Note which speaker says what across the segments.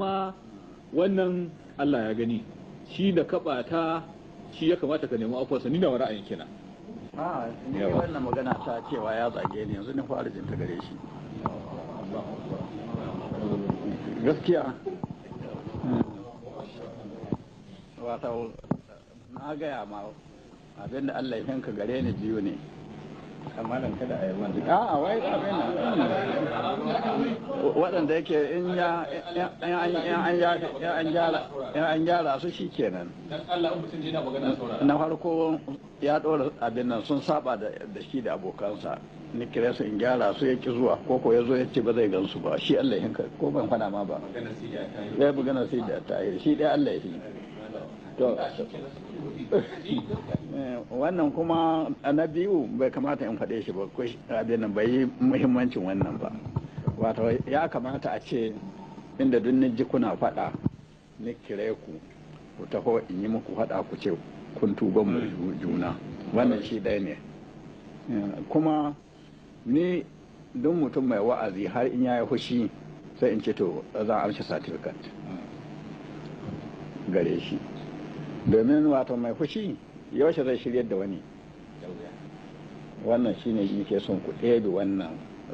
Speaker 1: kuma wannan Allah ya gani shi da kaba ta shi ya kamata ka nemi afuwarsa ni da wa ra'ayin kina
Speaker 2: a ni wannan magana ta cewa ya zage ni yanzu ni fara jin ta gare shi gaskiya wata na gaya ma abinda Allah ya kanka gare ni biyu ne a'a wai waɗanda yake in an gyara su shi kenan na farko ya ɗora abin nan sun saba da shi da abokansa ni kira su in gyara su ya ki zuwa ko ko ya zo ya ce ba zai gan su ba shi Allah ya hinka ko ban fana ma ba ya buga da ta eh, shi ɗaya Allah
Speaker 1: ya Eh,
Speaker 2: wannan kuma na biyu bai kamata in faɗe shi ba ko abin nan bai yi muhimmancin wannan ba wato ya kamata a ce inda duk ji kuna faɗa ni kire ku ku taho in yi muku faɗa ku ce kun tuba mu juna wannan shi ɗaya ne eh, kuma ni duk mutum mai wa'azi har in ya yi fushi sai in ce to za a amshi satifikat gare shi domin wato mai fushi yaushe zai shiryar da wani wannan shine ke son ku ɗebe wannan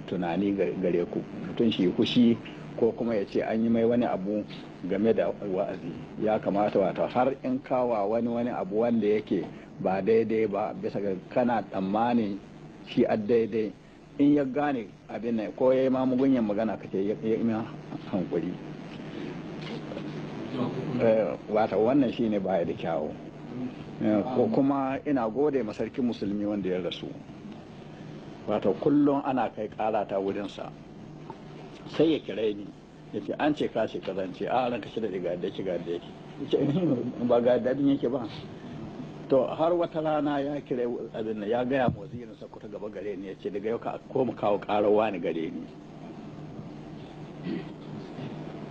Speaker 2: tunani gare ku mutum shi fushi ko kuma ya ce an yi mai wani abu game da wa'azi ya kamata wata har in kawa wani wani abu wanda yake ba daidai ba bisa ga kana tsammanin shi a daidai in ya gane abin ko ya yi mamugunyan magana kake ya yi hankuri Eh, wata wannan shine baya da kyawu eh, ko kuma ina gode ma sarkin musulmi wanda ya rasu wata kullum ana kai karata wurinsa sai ya kira ni ya ce an ce ka kazance, a ran ka shida daga da shiga da yake hmm, ba ga dadin yake ba to har wata rana ya kira abin ya gaya ma wazirin sa kuta gaba gare ni ya ce daga yau ka koma kawo karawa ni gare ni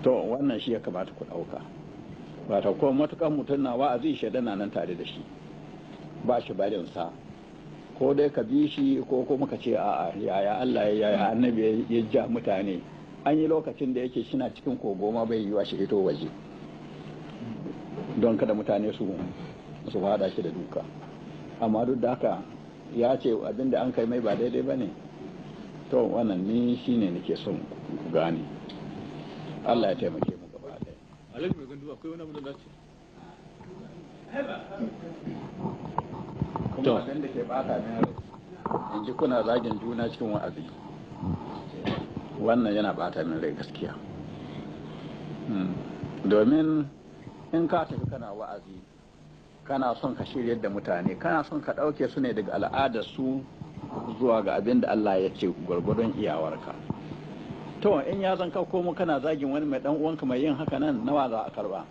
Speaker 2: to wannan shi ya kamata ku dauka ba ta kuma matukan mutum na wa'azi shaidana na nan tare da shi ba shi sa ko dai ka bi shi ko kuma ka ce a yaya Allah ya annabi ya ja mutane an yi lokacin da yake shina cikin kogo ma bai yiwa shi ito waje don kada mutane su su fada shi da duka amma duk da haka ya ce abinda da an kai mai ba daidai ba ne to wannan ni shine nake son ku gane Allah ya taimake in kuna zagin juna cikin wa'azi wannan yana bata min rai gaskiya hmm. domin in ka tafi kana wa'azi kana son ka shirya da mutane kana son ka ɗauke su ne daga al'adarsu zuwa ga abinda Allah ya ce gwargwadon iyawarka to in ya zan kawo komo kana zagin wani mai dan uwanka mai yin haka nan nawa za a karba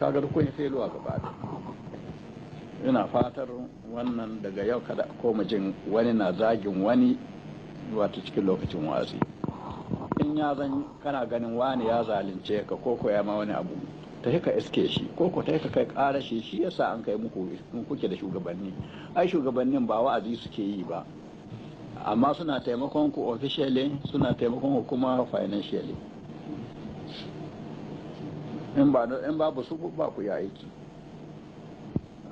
Speaker 2: kaga kun yi feluwa gaba da ina fatar wannan daga yau kada mu jin wani na zagin wani wato cikin lokacin wasi. in ya zan kana ganin wani ya zalunce ka ko ko ya ma wani abu ta ka iske shi ko ko ta ka kai ƙara shi shi yasa an kai muku kuke da shugabanni ai shugabannin ba wa'azi suke yi ba amma suna taimakon ku officially suna taimakon ku kuma financially in ba in babu su ba ku ya aiki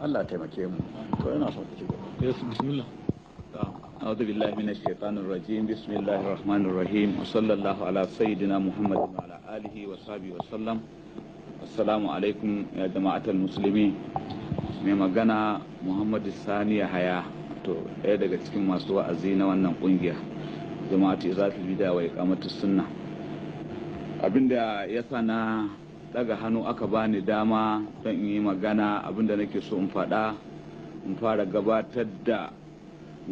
Speaker 2: Allah taimake mu to ina son ku ci gaba yes bismillah
Speaker 3: أعوذ بالله من الشيطان الرجيم بسم الله الرحمن الرحيم وصلى الله على سيدنا محمد وعلى آله وصحبه وسلم السلام عليكم يا جماعة المسلمين من مغنى محمد الثاني حياه to ɗaya daga cikin masu wa'azi na wannan ƙungiya jama'atu izafil bida wa iqamatu sunna abinda ya sa na daga hannu aka bani dama don in yi magana abinda nake so in faɗa in fara gabatar da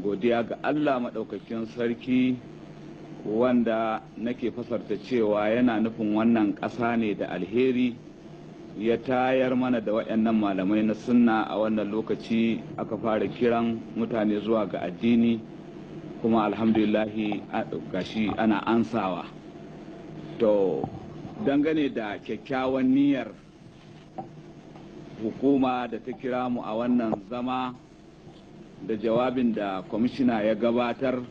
Speaker 3: godiya ga Allah maɗaukakin sarki wanda nake fasarta cewa yana nufin wannan ƙasa ne da alheri ya tayar mana da waɗannan malamai na sunna a wannan lokaci aka fara kiran mutane zuwa ga addini kuma alhamdulillahi gashi ana ansawa to dangane da kyakkyawan niyyar hukuma da ta kira mu a wannan zama da jawabin da kwamishina ya gabatar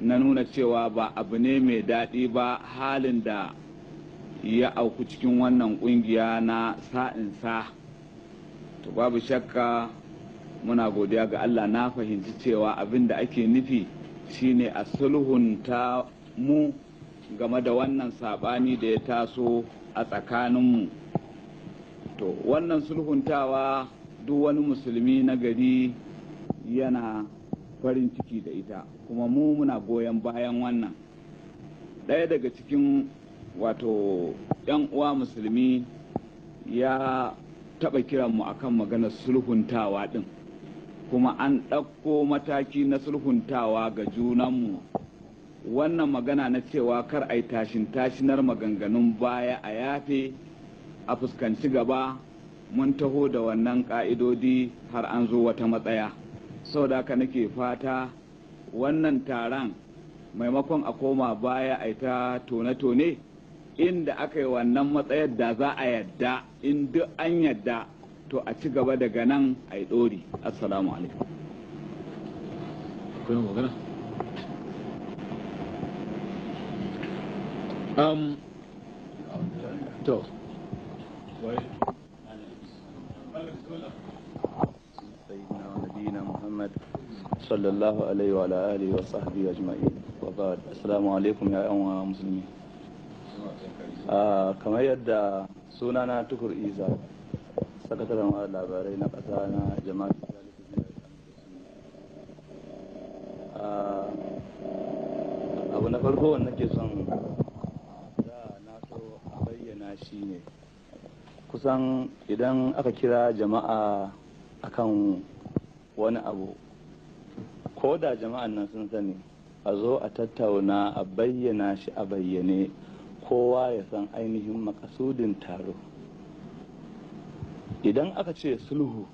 Speaker 3: na nuna cewa ba abu ne mai daɗi ba halin da ya auku cikin wannan kungiya na sa to babu shakka muna godiya ga allah na fahimci cewa abin da ake nufi shine a sulhunta mu game da wannan saɓani da ya taso a tsakaninmu to wannan sulhuntawa duk wani musulmi na gari yana farin ciki da ita kuma mu muna goyon bayan wannan ɗaya daga cikin wato yan uwa musulmi ya taɓa kiran mu akan maganar sulhuntawa ɗin kuma an ɗauko mataki na sulhuntawa ga junan mu. wannan magana na cewa kar a yi tashin tashinar maganganun baya a yafe a fuskanci gaba mun taho da wannan ƙa'idodi har an zo wata matsaya sau da haka nake fata wannan taron maimakon a koma baya a ta tone-tone inda aka yi wannan matsayar da za a yadda in duk an yadda to a ci gaba daga nan a yi ɗori assalamu alaikum
Speaker 1: um, to
Speaker 4: محمد صلى الله عليه وعلى اله وصحبه اجمعين وبعد السلام عليكم يا ايها kamar yadda sunana tukur iza sakataren wa labarai na kasa na jama'a abu na farko wanda ke son da na so a bayyana shi ne kusan idan aka kira jama'a akan wani abu ko da jama'an nan sun sani a zo a tattauna a bayyana shi a bayyane kowa ya san ainihin makasudin taro idan aka ce sulhu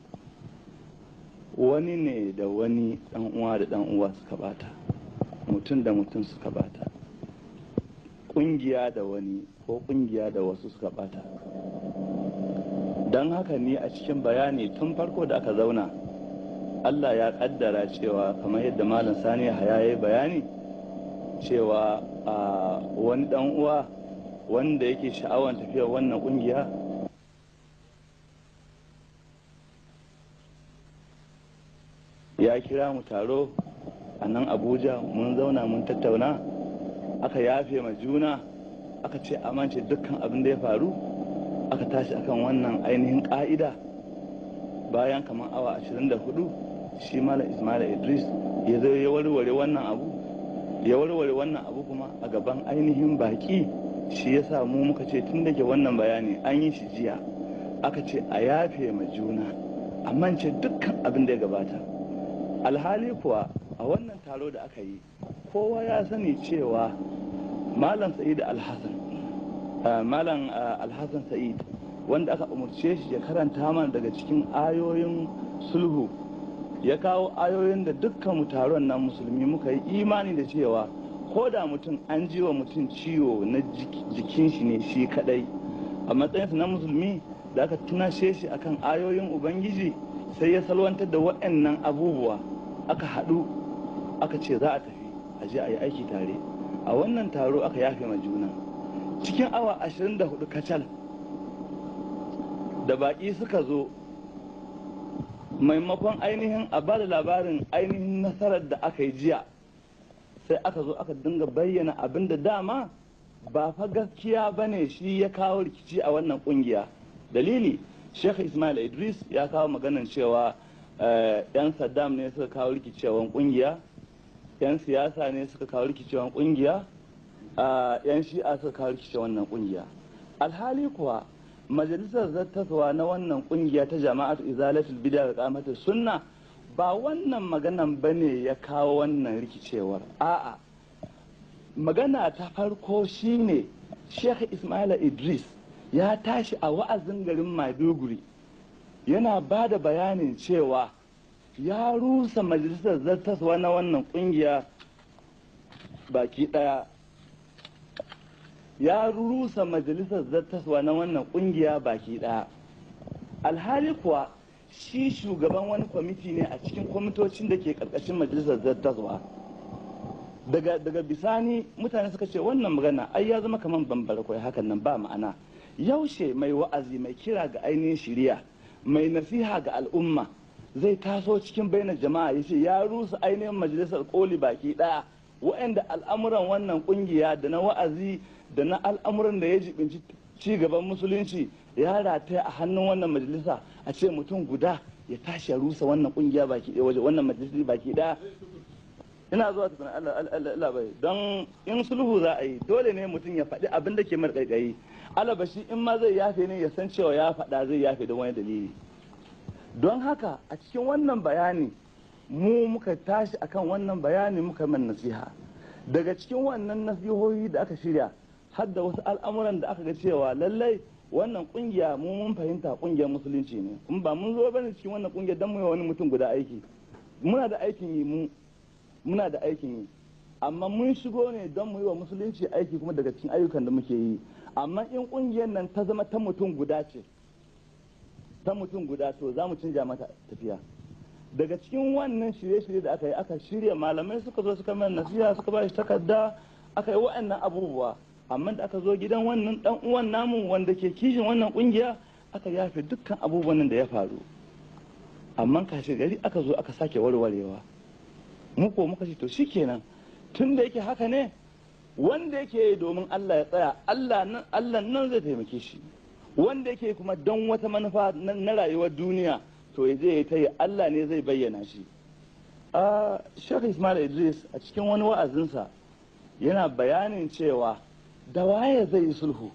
Speaker 4: wani ne da wani uwa da uwa suka bata mutum da mutum suka bata ƙungiya da wani ko ƙungiya da wasu suka bata don haka ni a cikin bayani tun farko da aka zauna allah ya kaddara cewa kamar yadda malam sani haya ya bayani cewa a ah, wani uwa wanda yake sha'awar tafiya wannan kungiya ya kira mu taro a nan abuja mun zauna mun tattauna aka yafe ma juna aka ce amince dukkan abin da ya faru aka tashi akan wannan ainihin ka'ida bayan kamar awa 24 shi mala ismaila idris ya zai ya warware wannan abu ya warware wannan abu kuma a gaban ainihin baki shi yasa mu muka ce tun da ke wannan bayani an yi shi jiya aka ce a yafe ma juna a mance dukkan abin da ya gabata alhali kuwa a wannan taro da aka yi kowa ya sani cewa malam sa'id alhassan malam alhassan sa'id wanda aka umarce shi ya karanta mana daga cikin ayoyin sulhu ya kawo ayoyin da dukkan mu taron nan musulmi muka yi imani da cewa ko da mutum an ji wa mutum ciwo na jikin shi ne shi kadai a matsayinsa na musulmi da aka tunashe shi akan ayoyin ubangiji sai ya salwantar da waɗannan abubuwa aka haɗu aka ce za a tafi a je a yi aiki tare a wannan taro aka yafe ma juna cikin awa 24 kacal da baƙi suka zo maimakon ainihin a ba da labarin ainihin nasarar da aka yi jiya sai aka zo aka dinga bayyana abin da dama ba fa gaskiya ba ne shi ya kawo rikici a wannan kungiya dalili sheikh ismail idris ya kawo maganan cewa eh, yan saddam ne suka kawo rikicewan kungiya yan siyasa ne suka kawo rikicewan kungiya eh, yan shi'a suka kawo rikicewan wannan kungiya alhali kuwa majalisar zattasawa na wannan kungiya ta jama'atu izalatul bid'a da kamata sunna ba wannan maganan ba ne ya kawo wannan rikicewar a'a magana ta farko shine sheikh ismaila idris ya tashi a wa'azin garin Maduguri. yana ba da bayanin cewa ya rusa majalisar zartaswa na wannan kungiya baki daya ya rusa majalisar zartaswa na wannan kungiya baki daya alhali kuwa shi shugaban wani kwamiti ne a cikin kwamitocin da ke karkashin majalisar zartaswa daga bisani mutane suka ce wannan magana ai ya zama kamar bambara kwai hakan nan ba ma'ana yaushe mai wa'azi mai kira ga ainihin shiriya mai nasiha ga al'umma zai taso cikin bainar jama'a ya ce ya rusa ainihin majalisar koli baki ɗaya. wa'anda al'amuran wannan kungiya da na wa'azi da na al'amuran da ya jibinci ci gaban musulunci ya rataya a hannun wannan majalisa a ce mutum guda ya tashi ya rusa wannan kungiya baki ɗaya waje wannan majalisa baki ɗaya ina zuwa ta Allah bai don in sulhu za a yi dole ne mutum ya faɗi abin da ke mar ƙaiƙayi alabashi in ma zai yafe ne ya san cewa ya faɗa zai yafe da wani dalili don haka a cikin wannan bayani mu muka tashi akan wannan bayani muka man nasiha daga cikin wannan nasihohi da aka shirya har da wasu al'amuran da aka ga cewa lallai wannan kungiya mu mun fahimta kungiyar musulunci ne kuma ba mun zo bane cikin wannan kungiyar dan mu wani mutum guda aiki muna da aikin yi mu muna da aikin yi amma mun shigo ne don mu yi wa musulunci aiki kuma daga cikin ayyukan da muke yi amma in kungiyar nan ta zama ta mutum guda ce ta mutum guda to za mu canja mata tafiya daga cikin wannan shirye-shirye da aka yi aka shirya malamai suka zo suka mana nasiha suka ba shi takarda aka yi wa'annan abubuwa amma da aka zo gidan wannan dan uwan namu wanda ke kishin wannan kungiya aka yafe dukkan abubuwan da ya faru amma kashe gari aka zo aka sake warwarewa mu ko muka ce to shikenan tun da yake haka ne wanda yake domin Allah ya tsaya Allah nan zai taimake shi wanda yake kuma don wata manufa na rayuwar duniya to ya je ya yi Allah ne zai bayyana shi a ah, Shekhu Ismail Idris a cikin wani wa'azinsa yana bayanin cewa da waye zai yi sulhu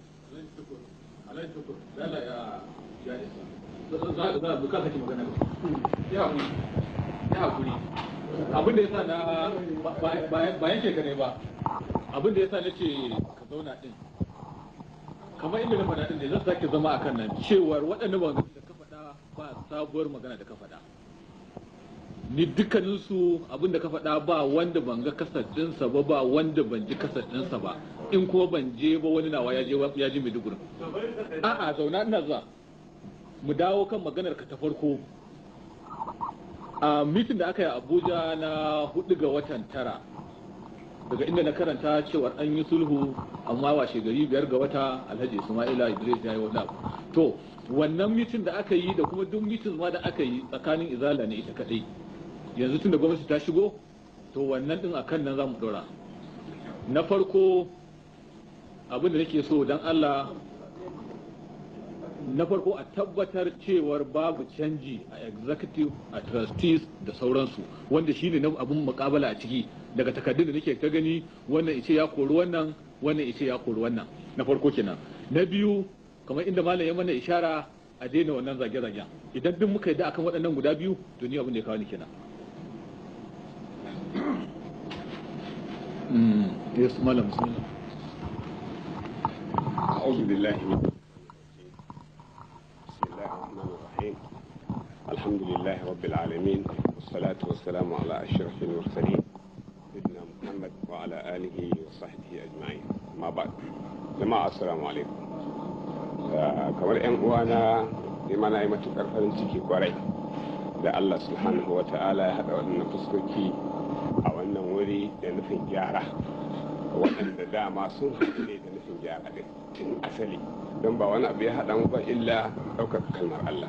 Speaker 1: abin da ya sa na bayan shekare ba abin da ya sa na ce ka zauna din kamar inda na faɗa din da sake zama akan nan cewar waɗanda ba da ka faɗa ba sabuwar magana da ka faɗa ni dukkaninsu abinda ka faɗa ba wanda ban ga kasar ba ba wanda ban ji kasar ba in ko ban je ba wani nawa ya je ya ji maiduguri a'a zauna ina zuwa mu dawo kan maganar ka ta farko a mitin da aka yi abuja na hudu ga watan tara daga inda na karanta cewar an yi sulhu amma washe gari biyar ga wata alhaji ismaila idris ya yi wani abu to wannan mitin da aka yi da kuma duk mitin ma da aka yi tsakanin izala ne ita kadai yanzu tun da gwamnati ta shigo to wannan din akan nan za mu dora na farko abin da nake so don allah na farko a tabbatar cewar babu canji a executive a trustees da sauransu wanda shine na abin mukabala a ciki daga takardun da nake ta gani wannan ice ya kori wannan wannan ice ya kori wannan na farko kenan na biyu kamar inda malam ya mana ishara a daina wannan zage-zagen idan duk muka yi da akan waɗannan guda biyu to ni abin da ya kawo ni kenan الله بسم الله
Speaker 5: أعوذ بالله من بسم الله الرحمن الرحيم الحمد لله رب العالمين والصلاة والسلام على أشرف المرسلين سيدنا محمد وعلى آله وصحبه أجمعين ما بعد جماعة السلام عليكم kamar 'yan uwana ne mana yi matuƙar farin ciki kwarai da Allah subhanahu wa ta'ala ya haɗa waɗannan fuskoki nufin gyara waɗanda dama sun haɗu ne da nufin gyara ɗin tun asali don ba wani abu ya haɗa mu ba illa ɗaukar kalmar Allah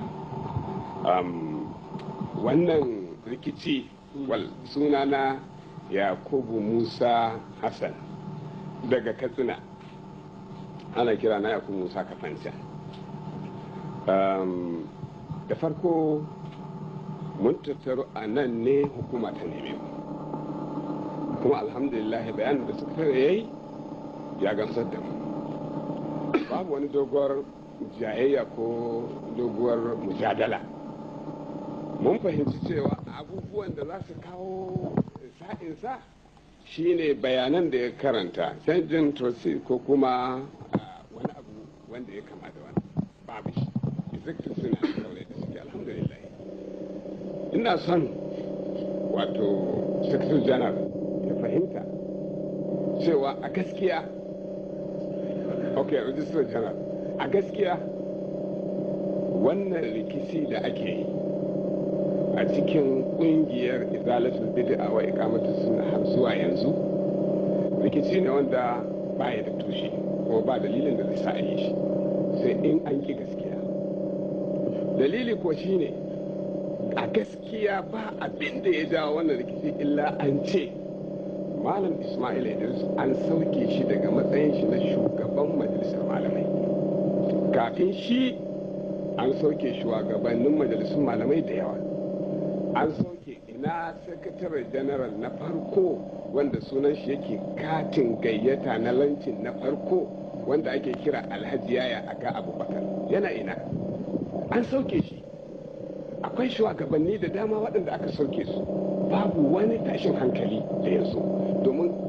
Speaker 5: wannan rikici wal na yakubu musa hassan daga katsina ana kira na yakubu musa kafanta. da farko mun tattaru a nan ne hukuma ta neme mu kuma alhamdulillah bayanin da suka yayi ya gamsar da mu babu wani doguwar jayayya ko doguwar mujadala mun fahimci cewa abubuwan da za su kawo sa'insa shine bayanan da ya karanta canjin tosi ko kuma ah, wani abu wanda ya kama da wani babu shi zikin suna kaure da suke alhamdulillah ina son wato secretary general cewa a gaskiya ok registrar general a gaskiya wannan rikici da ake yi a cikin kungiyar izalatul bid'a wa ikamatu sunna har zuwa yanzu rikici ne wanda ba ya da tushe ko ba dalilin da zai sa yi shi sai in an ki gaskiya dalili ko shine a gaskiya ba abin da ya jawo wannan rikici illa an ce malam ismail idris an sauke shi daga matsayin shi na shugaban majalisar malamai kafin shi an sauke shugabannin majalisun malamai da yawa an sauke ina sakatare janaral na farko wanda sunan shi yake katin gayyata na lancin na farko wanda ake kira alhaji yaya ga abubakar yana ina an sauke shi akwai shugabanni da dama waɗanda aka sauke su babu wani tashin hankali da yanzu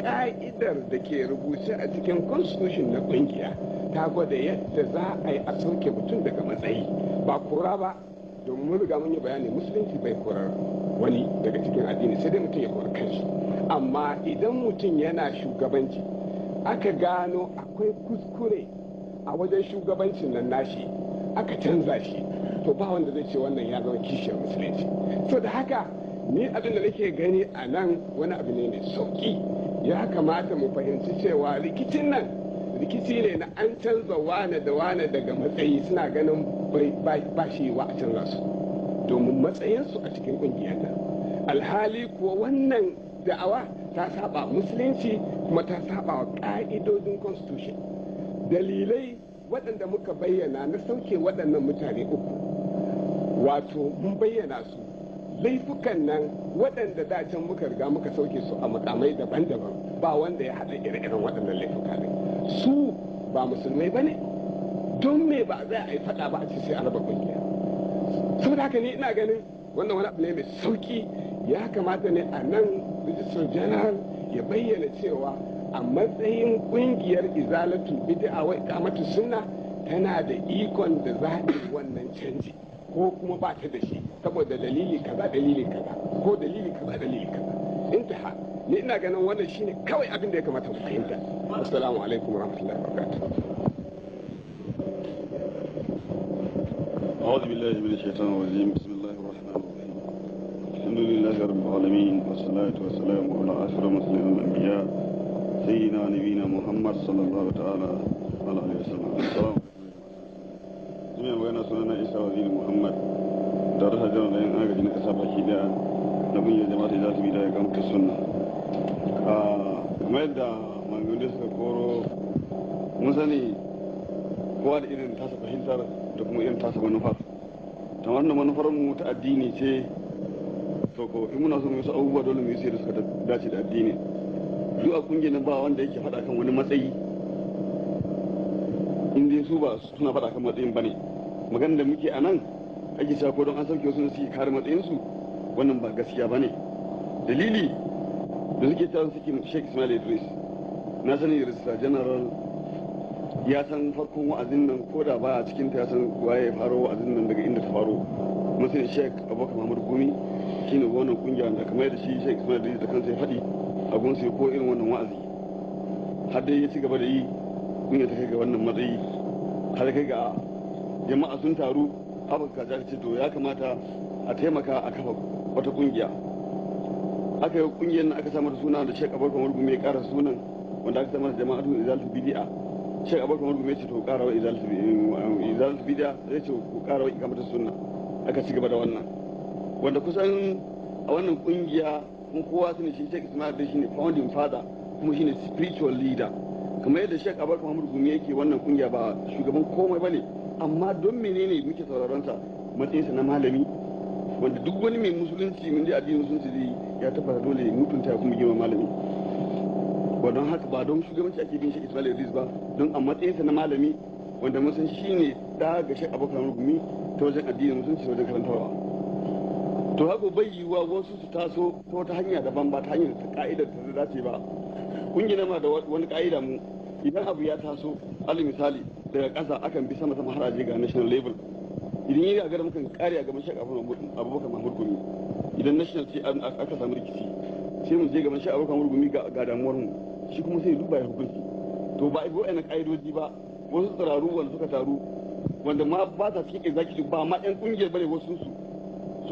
Speaker 5: ka'idar da ke rubuce a cikin constitution na kungiya ta gwada yadda za a yi a sauke mutum daga matsayi ba kura ba domin riga mun yi bayani musulunci bai korar wani daga cikin addini sai dai mutum ya kori kanshi amma idan mutum yana shugabanci aka gano akwai kuskure a wajen shugabancin nan nashi aka canza shi to ba wanda zai ce wannan ya zama kishiyar musulunci so da haka ni abin da nake gani a nan wani abu ne mai sauki ya kamata mu fahimci cewa rikicin nan rikici ne na an canza wane da wane daga matsayi suna ganin ba shi wa a canza su domin matsayinsu a cikin kungiyar nan alhali kuwa wannan da'awa ta saba musulunci kuma ta saba wa ƙa'idodin constitution dalilai waɗanda muka bayyana na sauke waɗannan mutane uku wato mun bayyana su laifukan nan waɗanda da can muka riga muka sauke su a makamai daban-daban ba wanda ya haɗa ire-iren waɗannan laifuka ne su ba musulmai ba ne don me ba zai a yi faɗa ba a ce sai a raba kungiya saboda haka ne ina ganin wannan wani abu ne mai sauki ya kamata ne a nan rijistar general ya bayyana cewa a matsayin ƙungiyar izalatu bid'a wa iqamatu sunna tana da ikon da za wannan canji ko kuma ba ta da shi saboda dalili kaza dalili kaza ko dalili kaza dalili kaza intaha ni ina ganin wannan shine kawai abin da ya kamata mu fahimta assalamu alaikum warahmatullahi wabarakatuh
Speaker 6: أعوذ بالله من الشيطان الرجيم بسم الله الرحمن الرحيم الحمد لله رب العالمين والصلاة والسلام على ina magana sunana isa waziri muhammad da rasa jiran da yan agaji na kasa baki da na kungiyar jama'a ta zasu bi da ya suna. a kamar yadda mangundi suka koro mun sani kowa da irin tasa fahimtar da kuma irin tasa manufar ta wannan manufar mu ta addini ce to ko in muna so mu yi abubuwa dole mu yi su da suka dace da addini duk a kungiyar ba wanda yake faɗa kan wani matsayi in su ba suna faɗa kan matsayin ba ne maganar da muke a nan ake cewa ko don an sauke wasu da suke kare matsayinsu wannan ba gaskiya ba ne dalili da suke cewa suke sheikh ismail idris na sani rista general ya san farkon wa'azin nan ko da ba a cikin ta ya san waye ya faro wa'azin nan daga inda ta faro masu sheikh abubakar mahmud gumi shine wannan kungiya da kamar da shi sheikh ismail idris da kansa ya faɗi a gunsu ko irin wannan wa'azi har dai ya ci gaba da yi ne ta kai ga wannan matsayi har kai ga jama'a sun taru ka ta ce to ya kamata a taimaka a kafa wata kungiya aka yi kungiyar aka samar da suna da shek abar kamar gume kara sunan wanda aka samar da jama'a tun izalatu bidiya shek abar kamar gume ce to kara wa izalatu eh, bidiya zai ce ku kara wa ikamata suna aka ci gaba da wannan wanda kusan a wannan kungiya kun kowa su ne shi shek ismail da shi ne founding father kuma shi ne spiritual leader kamar yadda shek abar muhammad gumi yake wannan kungiya ba shugaban komai bane amma don menene muke sauraron sa matsayinsa na malami wanda duk wani mai musulunci mun addinin musulunci zai ya tabbata dole ne mutunta ya kuma girma malami ba don haka ba don shugabanci ake bin shek ismail idris ba don a matsayinsa na malami wanda mun san ne da ga shek abokan gumi ta wajen addinin musulunci ta wajen karantarwa to haka bai yiwuwa wasu su taso ta wata hanya daban ba ta hanyar ta ka'idar ta dace ba kun gina ma da wani ka'ida mu idan abu ya taso alal misali daga ƙasa akan bi sama sama har aje ga national level idan yi gagara mukan kare a gaban abu abubakar mahmud gumi idan national ce aka samu rikici sai mu je gaban shek abubakar mahmud gumi ga damuwar mu shi kuma sai duba ya hukunci to ba ibo ina ka'idoji ba wasu tsiraru wanda suka taru wanda ma ba ta cikin zaki ba ma yan kungiyar bane wasu su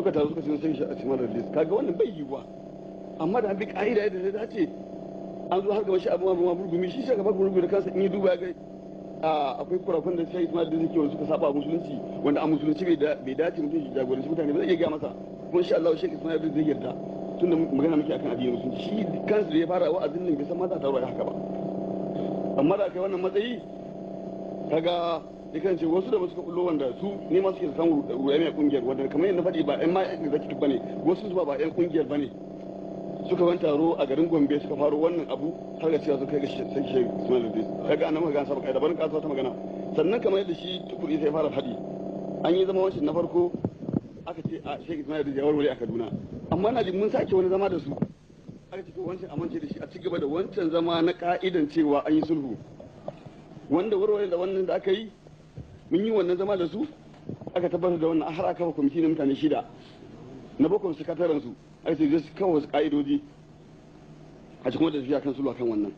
Speaker 6: suka taru suka ce sun shi a cikin malar list kaga wannan bai yiwuwa amma da bi ka'ida yadda ta dace an zo har gaba shi abu ma burgumi shi shi shugaba burgumi da kansa in yi duba ga akwai kurakun da sai Ismail da suke wanda suka saba musulunci wanda a musulunci bai dace mutum shi jagoranci mutane ba zai iya ga masa kuma insha Allah Sheikh Ismail da zai yarda tun da magana muke akan addinin musulunci shi kansa da ya fara wa'azin nan bai san ma ta da haka ba amma da kai wannan matsayi kaga da kan ce wasu da ba suka kullo wanda su ne masu suke samun ruwa mai kungiyar wanda kamar yadda faɗi ba 'yan ma'aikata ba ne wasu su ba 'yan kungiyar ba ne suka ban taro a garin gombe suka faro wannan abu har ga cewa suka kai ga sai shi usman zai kaga annabi magana sabaka da barin kasuwa ta magana sannan kamar yadda shi tukuri sai fara hadi an yi zama wancan na farko aka ce a shek ismail da wuri a kaduna amma na mun sake wani zama da su aka ce wancan amince da shi a cigaba da wancan zama na ka'idan cewa an yi sulhu wanda warware da wannan da aka yi mun yi wannan zama da su aka tabbatar da wannan har aka kafa kwamiti na mutane shida na bakwai su katarar su ai su su kawo wasu ka'idoji a cikin wata tafiya kan sulwa kan wannan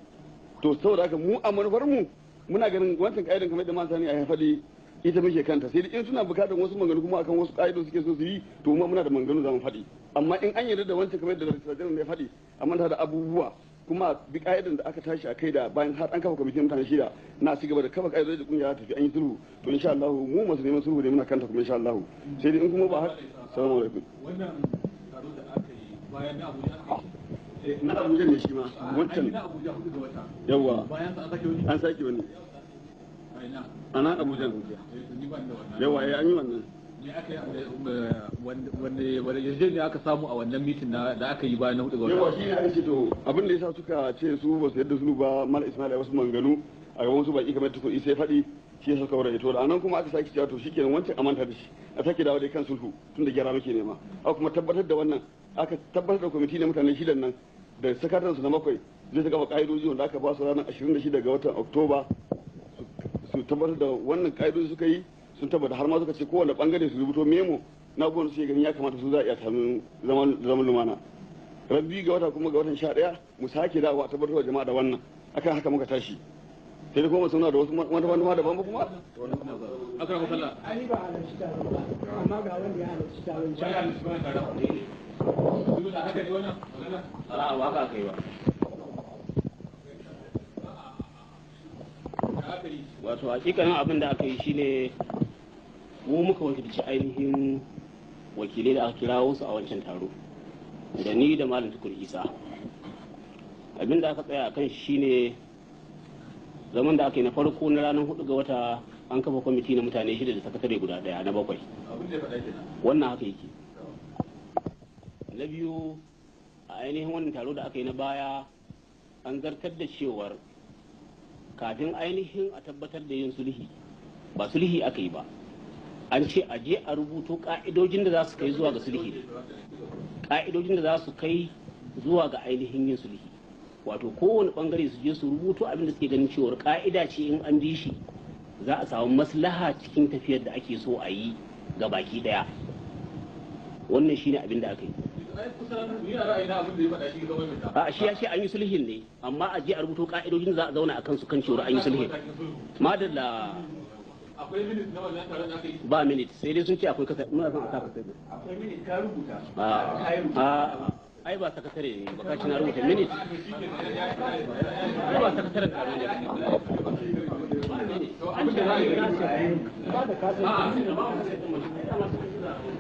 Speaker 6: to saboda haka mu a manufar mu muna ganin wancan ka'idon kamar da ma sani a faɗi ita muke kanta sai in suna bukatar wasu maganganu kuma akan wasu ka'idon suke so su yi to mu muna da maganganu mu faɗi amma in an yarda da wancan kamar da sarjan ya faɗi a manta da abubuwa kuma bi ka'idon da aka tashi a kai da bayan har an kafa kwamitin mutane shida na ci gaba da kafa ka'idon da kungiya tafi an yi sulhu to insha Allah mu masu neman sulhu ne muna kanta kuma insha Allah sai dai in kuma ba har salamu alaikum
Speaker 1: wannan taro da bayan na abuja eh, na abuja ne shi ma ah, wancan yawa an sake wani a nan abuja eh, ya eh, an yi wannan wanda yarjejeniya aka samu a wannan mitin da aka yi bayan na hudu wata yawa shi ne an ce to abin da yasa
Speaker 6: suka ce su ba su yadda su ba mala ismail wasu manganu a gaban su baki kamar tuko isa ya faɗi shi suka wura to da nan kuma aka sake cewa to shikenan wancan amanta da shi a sake dawo dai kan sulhu tunda gyara muke nema a kuma tabbatar da wannan aka tabbatar da kwamiti na mutane shidan nan da sakatan su na bakwai zai ta gaba ka'idoji wanda aka ba su ranar 26 ga watan oktoba su tabbatar da wannan ka'idoji suka yi sun tabbata har ma suka ce kowane bangare su rubuto memo na gwamnati su ganin ya kamata su za a iya samun zaman lumana rabbi ga wata kuma ga watan sha mu sake dawo a tabbatar da jama'a da wannan akan haka muka tashi sai da kuma suna da wasu da
Speaker 7: haka ne wato hakikanin abin da aka yi shine mu muka wakilci ainihin wakilai da aka kira wasu a wancan taro da ni da malam tukur isa abin da aka tsaya a kan shine zaman da aka yi na farko na ranar hudu ga wata an kafa kwamiti na mutane shida da sakatare guda daya na bakwai wannan haka yake na biyu a ainihin wannan taro da aka yi na baya an zartar da cewar kafin ainihin a tabbatar da yin sulhi ba sulhi aka yi ba an ce a je a rubuto ka'idojin da za su kai zuwa ga sulhi ka'idojin da za su kai zuwa ga ainihin yin sulhi wato kowane bangare su je su rubuto abin da suke ganin cewar ka'ida ce in an bi shi za a samu maslaha cikin tafiyar da ake so a yi ga baki daya wannan shine abin da aka
Speaker 1: yi
Speaker 7: a shi ya ce an yi sulhin ne amma a je a rubuto ka'idojin za a zauna a kansu kan cewar an yi sulhin madalla
Speaker 1: akwai minit na aka yi
Speaker 7: ba minit sai dai sun ce akwai kasa muna son a sa kasa akwai minit ka rubuta a ai ba sakatare ne ba kashi na rubuta mini ba sakataren karo ne an ce ce ba da kasa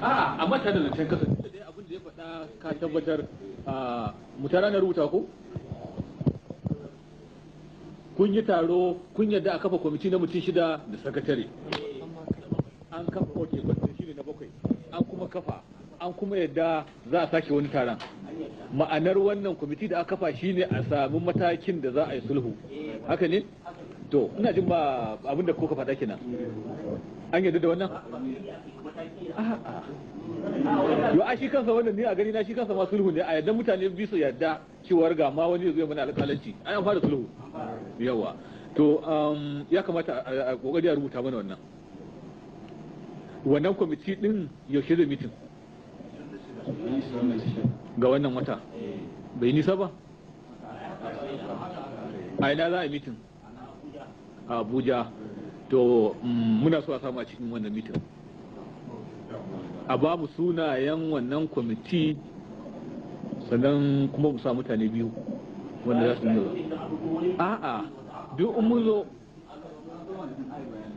Speaker 7: a
Speaker 1: amma tare da can kasa dai abin da ya faɗa ka tabbatar mutara na rubuta ko kun yi taro kun yadda a kafa kwamiti na mutum shida da sakatare an kafa ok shi ne na bakwai an kuma kafa an kuma yadda za a sake wani taron ma'anar wannan kwamiti da aka kafa shine a samu matakin da za a yi sulhu haka ne to ina jin ba abin ko ka faɗa kenan an yarda da wannan yo a shi kansa wannan ne a gani na shi kansa ma sulhu ne a yadda mutane biyu su yadda cewar ga ma wani zai mana alƙalanci an fara sulhu yawa to um, ya kamata a kokari a rubuta mana wannan wannan kwamiti din yaushe zai mitin ga wannan wata bai nisa ba a ina za a mitin a abuja to mm, muna so a samu a cikin wannan mitin a babu sunayen wannan kwamiti sannan kuma mu sa mutane biyu wanda za su nuna a'a duk in mun zo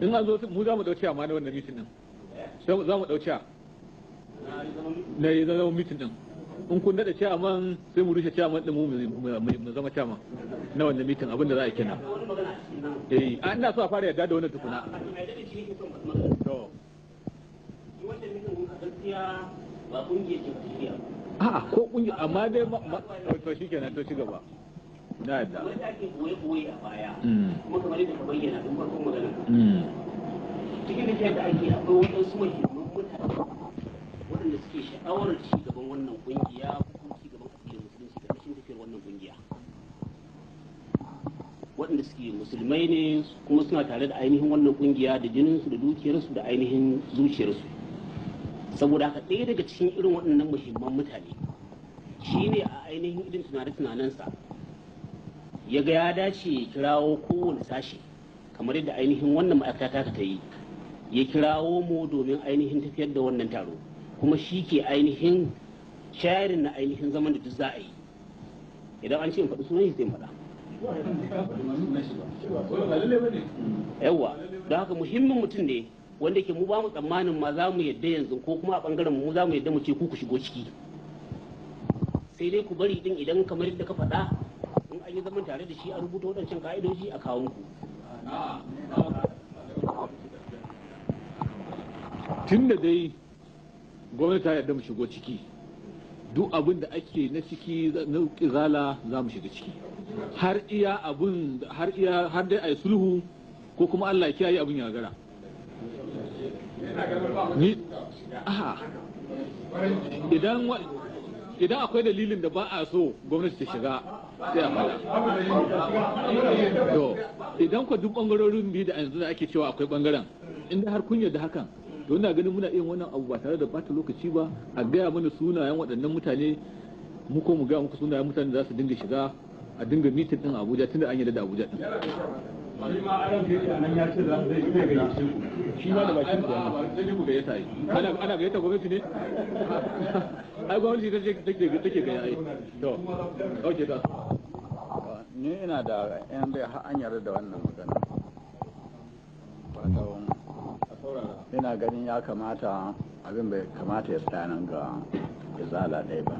Speaker 1: in an zo mu za mu dauce a na wannan mitin din za mu dauce na ya zama mitin din in kun daɗa ciyaman sai mu rushe ciyaman ɗin mu zama ciyaman na wannan mitin abinda za a kina eh an na so a fara yadda da wannan tukuna to a'a ko kungiya amma dai ma to kenan to shi gaba na yadda wanda hmm.
Speaker 7: ake boye boye a baya kuma kamar yadda ka bayyana don farkon magana hmm. cikin da ake akwai su mahimmanci waɗanda suke sha'awar ci gaban wannan kungiya ko kuma ci gaban addinin musulunci tafiyar wannan kungiya waɗanda suke musulmai ne kuma suna tare da ainihin wannan kungiya da jininsu da dukiyarsu da ainihin zuciyarsu saboda haka ɗaya daga cikin irin waɗannan muhimman mutane shi ne a ainihin irin tunane-tunanensa ya ga ya dace ya kirawo kowane sashi kamar yadda ainihin wannan ma'aikata ta ta yi ya kirawo mu domin ainihin tafiyar da wannan taro kuma shi ke ainihin shayarin na ainihin zaman da duk za a yi idan an ce faɗi sunan shi zai faɗa yawa don haka muhimmin mutum ne wanda ke mu ba mu tsammanin ma za mu yadda yanzu ko kuma a ɓangaren mu za mu yadda mu ce ku ku shigo ciki sai dai ku bari din idan kamar yadda ka faɗa in an yi zaman tare da shi a rubuta waɗancan ka'idoji a kawo muku
Speaker 1: tun da dai gwamnati ta yarda mu shigo ciki duk abin da ake na ciki na kizala za mu shiga ciki har iya abin har iya har dai ai sulhu ko kuma Allah ya yi abin ya gara ni aha idan idan akwai dalilin da ba a so gwamnati ta shiga
Speaker 5: sai a fada to
Speaker 1: idan ku duk bangarorin biyu da yanzu da ake cewa akwai bangaren inda har kun yarda hakan don na ganin muna yin wannan abu ba tare da bata lokaci ba a gaya mana sunayen waɗannan mutane mu ko mu gaya muku sunayen mutane za su dinga shiga a dinga mitin din Abuja tunda an yarda da Abuja din
Speaker 2: ne ni ina da yan da an da wannan magana ba ta wani ina ganin ya kamata abin bai kamata ya tsaya nan ga izala ɗaya ba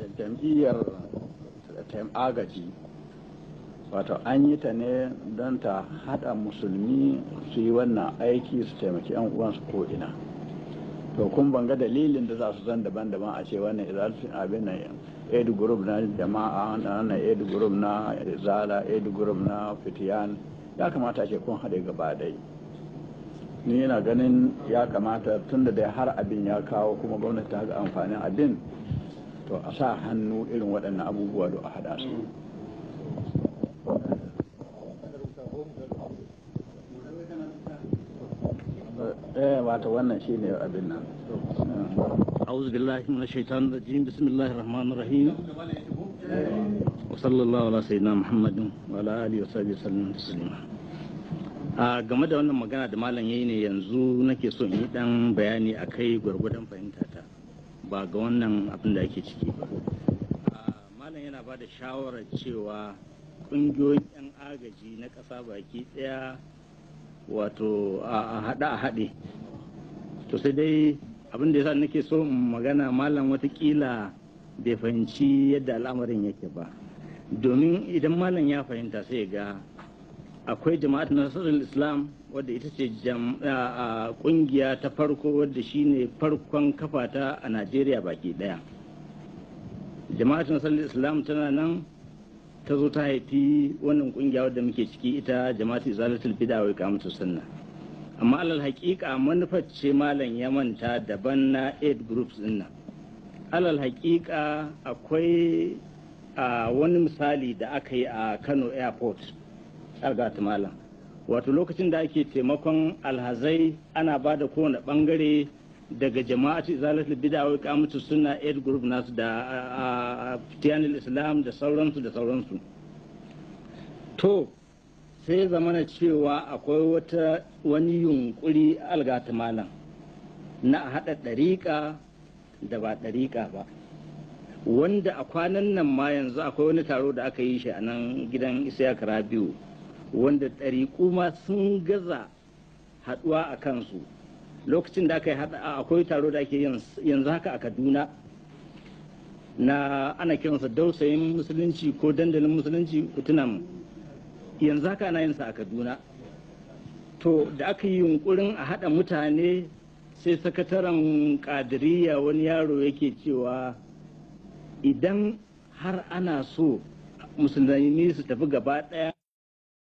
Speaker 2: eh, jam'iyyar agaji wato an yi ta ne don ta haɗa musulmi su yi wannan aiki su taimaki 'yan uwansu ko ina to kun banga dalilin da za su zan daban-daban a ce wannan izalci abin na aid group na jama'a wannan aid group na izala aid group na fitiyan ya kamata ce kun haɗe gaba ɗai ni yana ganin ya kamata tun da dai har abin ya kawo kuma gwamnati ta ga amfanin abin to a sa hannu irin waɗannan abubuwa da a haɗa su eh, wata wannan shi ne abin nan
Speaker 8: أعوذ بالله من الشيطان da بسم الله الرحمن الرحيم sallallahu ala sayyidina muhammadin wa ala alihi wa sahbihi sallam a game da wannan magana da malam yayi ne yanzu nake so in yi dan bayani akai gwargwadon fahimta ta ba ga wannan abin da ake ciki ba malam yana ba da shawarar cewa kungiyoyin yan agaji na ƙasa baki ɗaya wato a haɗe a haɗe to sai dai abin da yasa nake so magana malam watakila bai fahimci yadda al'amarin yake ba domin idan malam ya fahimta sai ga akwai jama'at nasarar islam wadda ita ce kungiya ta farko wadda shine farkon kafata a najeriya baki daya jama'at nasarar islam tana nan ta zo ta haifi wannan kungiya wadda muke ciki ita jama'at izalatul bid'a wa iqamatu sunna amma alal haƙiƙa manufar ce malam ya manta daban na aid groups din alal haƙiƙa akwai a wani misali da aka yi a kano airport malam wato lokacin da ake taimakon alhazai ana ba da kowane bangare daga jama'atu da bid'a wa iqamatu suna aid group nasu da tiyanul islam da sauransu da sauransu to sai zamana cewa akwai wata wani yunkuri algata malam na haɗa ɗariƙa da ba ɗariƙa ba wanda a kwanan nan ma yanzu akwai wani taro da aka yi shi a nan gidan isiyaka rabiu wanda ɗariƙu ma sun gaza haɗuwa a kansu lokacin da aka yi haɗa akwai taro da ake yanzu haka a kaduna na ana kiransa dausayin musulunci ko dandalin musulunci Kutunan yanzu haka ana yinsa a kaduna to da aka yi yunkurin a haɗa mutane sai sakataren kadiriya wani yaro yake cewa idan har ana so musulmi su tafi gaba daya